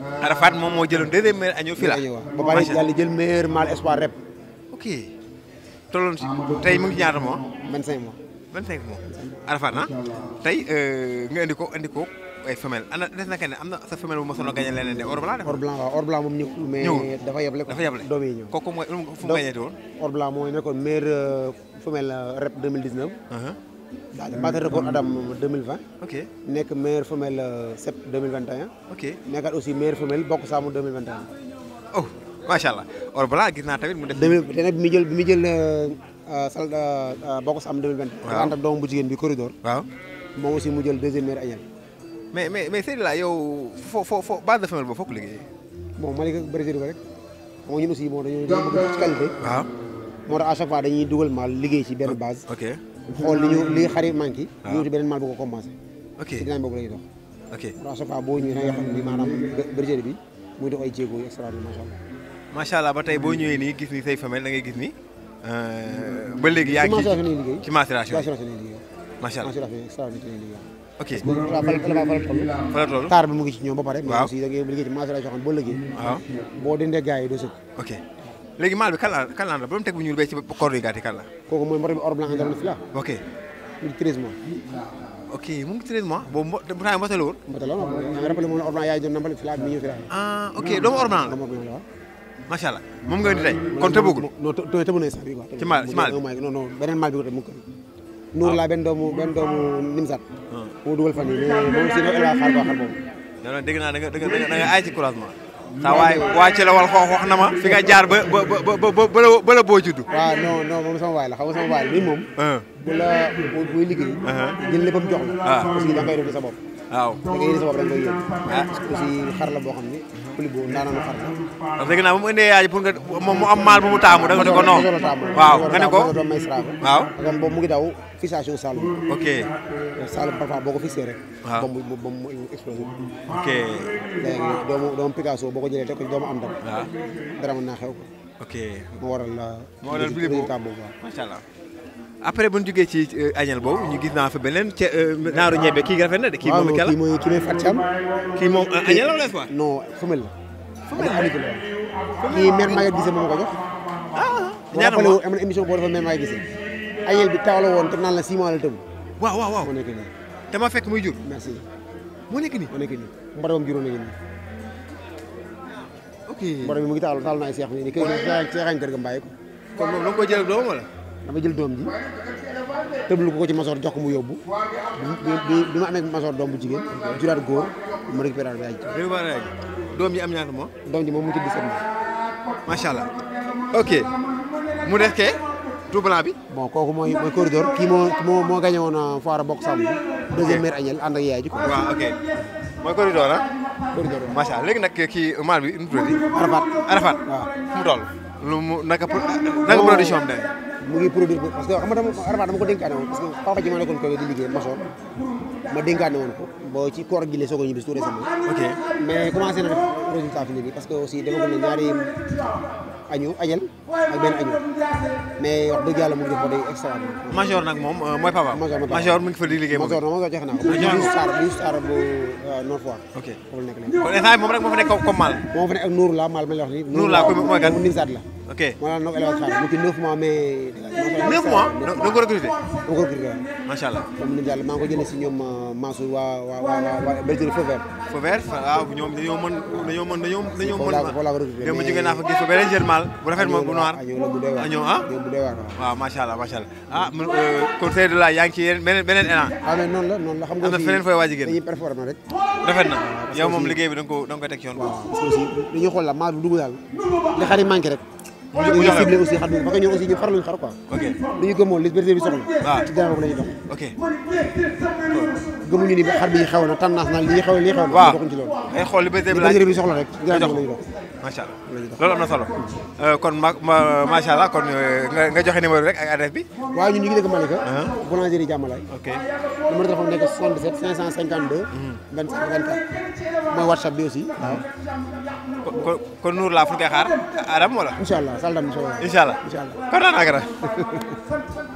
Euh, Arafat moom moo jëloon deuxième meilleur agneau fii la. ba pare yàlla jël meilleur mâle espoir rep. ok tolloon tey mu ngi ñaata mois. 25 mois. 25 mois Arafat ah tey euh, nga indi ko indi ko ay a ana des na kenn am na sa femelle bu ma sonal gañe leneen de or blanc. or blanc waaw or dafa yeble dafa yeble doom ñëw. kooku mooy fu mu gañeeti woon. or blanc mooy nekkoon meilleur euh, femelle rep 2019. J'ai battu record Adam 2020. Ok. Nek meilleure femelle sept 2021. Ok. Nekkat aussi meilleure femelle bokk saamu 2021. oh macha allah or balaa gis naa tamit mu def. 2000 te nag bi muy jël bi muy jël sal bokk saamu 2020. waaw ànd ak doomam bu jigéen bi corridor. waaw moom aussi mu jël deuxième meilleure agnelle. mais mais mais c'est là yo foo foo foo base de femelle boobu foog liggéey. bon Malika Brésil ba rek xam nga ñun aussi moo dañoo bëgg ci qualité. waaw moo tax à chaque fois dañuy dugal mal ligue ci benn base. ok. xool li li xari manqué ñu wuti beneen maal bu ko compensé ci dinañ boobu lañuy dox ok à chaque fois boo ñëwee xam ni maanaam bergerie bi muy dox ay jéego yu extraordinaire macha allah allah ba tey boo ñëwee nii gis ni say femelle da ngay gis ni ba léegi yaa ngi ci maturation ci maturation liggéey macha allah maturation ok fa la toll bi mu ngi ci ñoom ba pare mais aussi da ngay liggéey ci maturation sëkk ok léegi maal bi kan la kan la ba mu teg bu ñuul bee ci koor yi gàtt yi kan la. kooku mooy mboq bi or blanc andaloon si la. ok. mu ngi 13 mois. ok mu ngi 13 mois boobu mbo bu tawee mbote la woon. mbote la woon nga rappelé moom la or blanc yaay doon nambal fi la mi ñëw fi la. ah ok doomu or blanc la. macha allah moom nga indi tey kon tëbugul. non tooy tëbu na sax bi quoi. ci maal ci maal bi non non beneen maal bi ko tëb mu ngi ko. nuur laa benn doomu benn doomu nimsat. moo dugal fan yii moom si ne élevage xaar boo xar boobu. dégg naa da nga da nga da nga aay ci croisement sa waay waa ci la wal xoox wax na ma fi nga jaar ba ba ba ba la boo judd waaw non non moom sama waay la xam nga sama waay la mi moom uh-huh. bu la buy liggéey uh-huh. jël léppam jox la ah. parce que da ngay def sa bopp waaw da ngay def sa bopp rek koy yëg ah. aussi xar la boo xam ni Coly boobu ndaanaan xar la dégg naa bu mu indee yaay pour nga mu am maal bu mu taamu da nga ne ko non waaw nga ne ko waaw kon boobu boo ko fixé rek ba mu ba ok doomu doomu boo ko jëlee teg ko doomu am dam dara mën naa xew ko ok moo waral moo waral boobu macha allah après bu ñu jógee ci euh, añal boobu ñu gis naa fa beneen ca euh, naaru ñebe kii rafet na de. kii moom kii mooy kii mooy Fatou Thiam. kii moom euh, añal wala quoi. non femelle la. femelle la kii mère Maguette Guissé moom ko jox. ah, ah, ah. ñaata moom am na émission boo defoon mère Maguette Guissé. añal bi taaw la woon te naan la 6 mois la tëb. waaw waaw waaw moo nekk nii. te ma fekk muy jur. merci moo nekk nii. moo nekk nii mbaramam juróom nañu nii. ok mbaram bi mu ngi taal taal na ay seex mi nii kër gi seexañ kër ga mbaay ko. jël doom wala. dama jël doom ji tëblu ko ko ci masoor jox ko mu yóbbu bi bi ma amee masoor doom bu jigéen juraat góor ma récupéré bi aj récupéré doom ji am ñaata moom doom ji moom mu tudd seen macha allah ok mu def kee tout bon kooku mooy mooy corridor kii moo moo moo gagné woon euh, foire bokk sàmm bi deuxième maire agnel mooy corridor ah corridor léegi nag kii maal bi nu tudd Arafat Arafat waaw mu toll lu mu naka naka production am de. mu ngi produire parce que xam dama ko dénkaane woon parce que papa ji ma nekkoon ko di liggéey maçon ma dénkaane woon ko. bo ci koor gi lay sogo ñibis tout récemment ok mais commencé na résultat fi ni parce que aussi defagul na ñaari añu añal ak benn añu mais wax dëgg yàlla mu ngi ko day extra major nag moom eh, mooy papa major mu ngi fa di liggéey major non major jox naa major star bu star bu nord ok kon rek fa comme mal moo fa nekk ak la mal ma lay wax ni nuur la ko mooy gan nim saat la ok moo la nok élevage xaar mu ci 9 mois mais 9 mois da ko recruter ko recruter machallah comme ko Mansour waaw waaw waaw bergerie feu vert. feu vert ah, ñoom dañoo mën dañoo mën dañoo dañoo mën ma démb jóge naa fa gis bu rafet moom bu noir añëw ah waaw macha allah macha allah ah euh, conseil de la yaa ngi ci yéen beneen beneen élan waaw ah, mais noonu la noonu la xam nga am na feneen fooy waaj a génn dañuy na yow moom liggéey bi da nga ko da nga la maa du dugg li xari manqué rek ñu ah. ah. ciblé hmm. ah. lu allah whatsapp kon tal dam incha allah incha allah kontaan naa